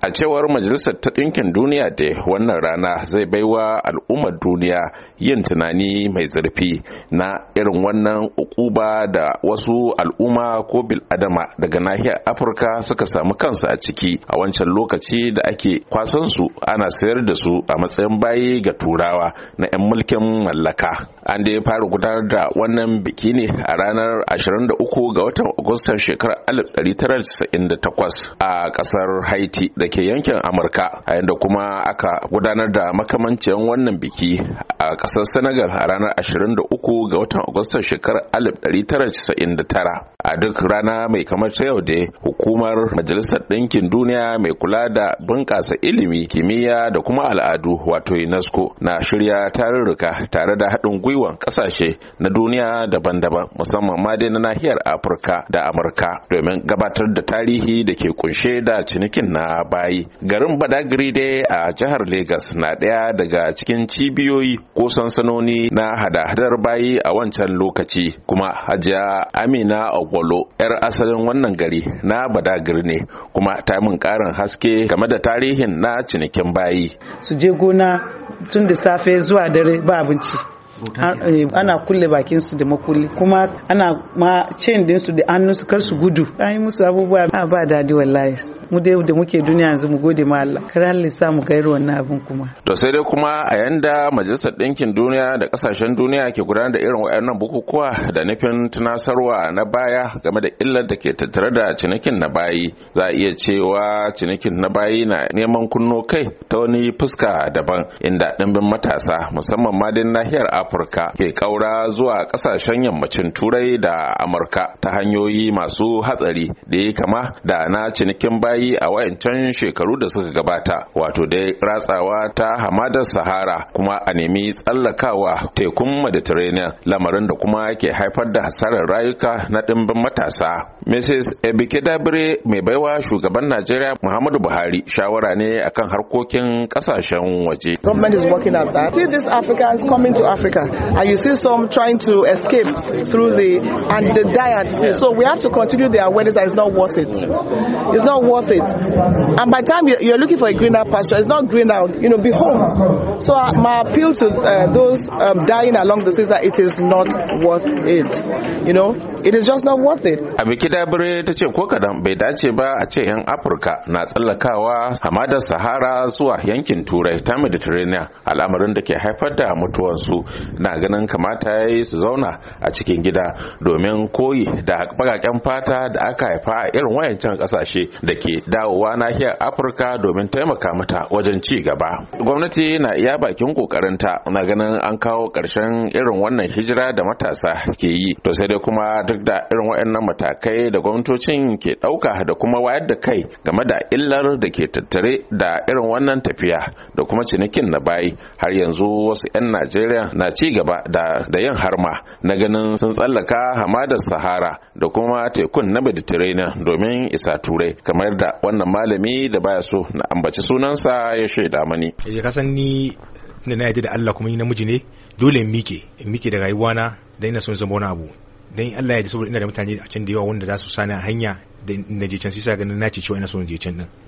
a cewar majalisar ta ɗinkin duniya da wannan rana zai baiwa al'ummar duniya yin tunani mai zurfi na irin wannan ukuba da wasu al'umma ko bil'adama daga nahiyar afirka suka samu kansu a ciki a wancan lokaci da ake kwasan su ana sayar da su a matsayin bayi ga turawa na 'yan mulkin mallaka an da ya fara gudanar da wannan biki ne a ranar 23 ga watan agustan shekarar 1998 a ƙasar haiti Dake ke yankin amurka a yadda kuma aka gudanar da makamancin wannan biki a ƙasar senegal a ranar 23 ga watan agustan shekarar 1999 a duk rana mai kamar ta yau da hukumar majalisar ɗinkin duniya mai kula da bunƙasa ilimi kimiyya da kuma al'adu wato unesco na shirya tarurruka tare da haɗin gwiwan ƙasashe na duniya daban-daban musamman ma dai na nahiyar afirka da amurka domin gabatar da tarihi da ke kunshe da cinikin na bayi garin badagiri dai a jihar Legas na ɗaya daga cikin cibiyoyi ko sansanoni na hada-hadar bayi a wancan lokaci kuma hajiya amina ogolo yar asalin wannan gari na badagiri ne kuma ta min ƙarin haske game da tarihin na cinikin bayi su je gona tun da safe zuwa dare ba abinci Eh, ana kulle bakin su da makulli kuma ana ma chain din su da hannun su kar su gudu an musu abubuwa a ba dadi wallahi mu dai da muke duniya yanzu mu gode ma Allah kar Allah sa mu gairu wannan abin kuma to sai dai kuma a yanda majalisar ɗinkin duniya da kasashen duniya ke gudanar da irin wayannan bukukuwa da nufin tunasarwa na baya game da illar da ke tattare da cinikin na bayi za a iya cewa cinikin na bayi na neman kunno kai ta wani fuska daban inda ɗimbin matasa musamman ma din nahiyar Afirka afirka ke kaura zuwa kasashen yammacin turai da amurka ta hanyoyi masu hatsari da ya kama da na cinikin bayi a wayancan shekaru da suka gabata wato dai ratsawa ta hamadar sahara kuma a nemi tsallakawa tekun mediterranean lamarin da kuma ke haifar da hasarar rayuka na ɗimbin matasa mrs ebike dabire mai baiwa shugaban najeriya muhammadu buhari shawara ne akan harkokin kasashen waje Africans coming to Africa And you see some trying to escape through the, and the die So we have to continue the awareness that it's not worth it. It's not worth it. And by the time you're looking for a greener pasture, it's not green out, you know, be home. So uh, my appeal to uh, those um, dying along the seas is that it is not worth it. You know, it is just not worth it. Abikida Bure ta ce ko kadan ba a ce 'yan Afirka na tsallakawa hamadar Sahara zuwa yankin Turai ta Mediterranean al'amarin da ke haifar da mutuwarsu na ganin kamata ya yi su zauna a cikin gida domin koyi da bagaken fata da aka haifa a irin wayancan kasashe da ke dawowa nahiyar afirka domin taimaka mata wajen ci gaba gwamnati na iya bakin ta. na ganin an kawo karshen irin wannan hijira da matasa ke yi to sai dai kuma duk da irin wayannan matakai da gwamnatocin ke ɗauka da kuma wayar da kai game da illar da ke tattare da irin wannan tafiya da kuma cinikin na bayi har yanzu wasu 'yan najeriya na ci gaba da yin harma na ganin sun tsallaka hamadar sahara da kuma tekun na mediterranean domin isa turai kamar da wannan malami da baya so na ambaci sunansa ya shaida mani eh, kasan ni da na yadda da Allah kuma yi namiji ne dole in mike in mike da rayuwana da ina son zama wani abu dan Allah ya ji saboda ina da mutane a can da yawa wanda za su sani a hanya da na je can sai sa ganin na ce cewa ina son je can din